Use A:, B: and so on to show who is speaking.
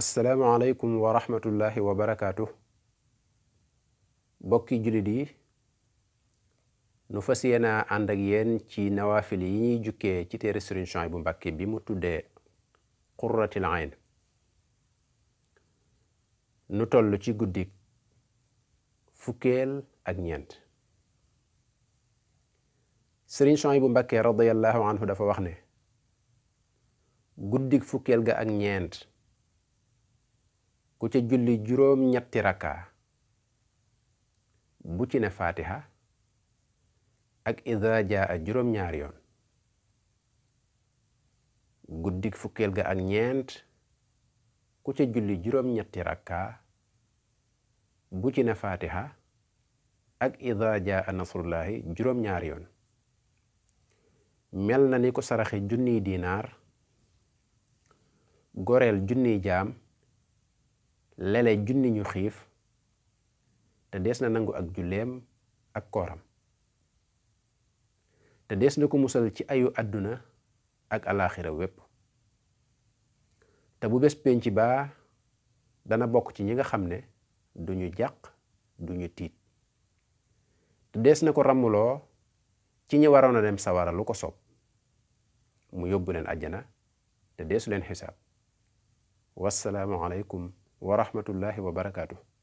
A: asalaamualeykum wa rahmatullahi wa barakaatu bokki jullit yi nu fas yéenaa ànd ci nawaafil yi ñuy jukkee ci téere Sëriñ bu Mbàkke bi mu tuddee qurratil ayn nu toll ci guddik fukkeel ak ñeent Sëriñ Suhaybu Mbàkke radiyallahu anhu dafa wax ne guddik fukkeel ga ak ñeent ku ci julli juróom ñetti raka bu ci ne fatiha ak idha jaa juróom ñaar yoon guddik fukkeel ga ak ñeent ku ci julli juróom ñetti raka bu ci ne fatiha ak idha jaa nasrullahi juróom ñaar yoon mel na ni ko saraxe junniy dinaar goreel junniy jaam lele junni ñu xiif te dees na nangu ak julleem ak kooram te dees na ko musal ci ayu àdduna ak alaaxira wépp te bu bés penc baa dana bokk ci ñi nga xam ne duñu jàq duñu tiit te dees na ko ràmmuloo ci ñi waroon a dem sawara lu ko soob mu yóbbu leen àjjana te deesu leen xisaab wassalaamu aleykum ورحمه الله وبركاته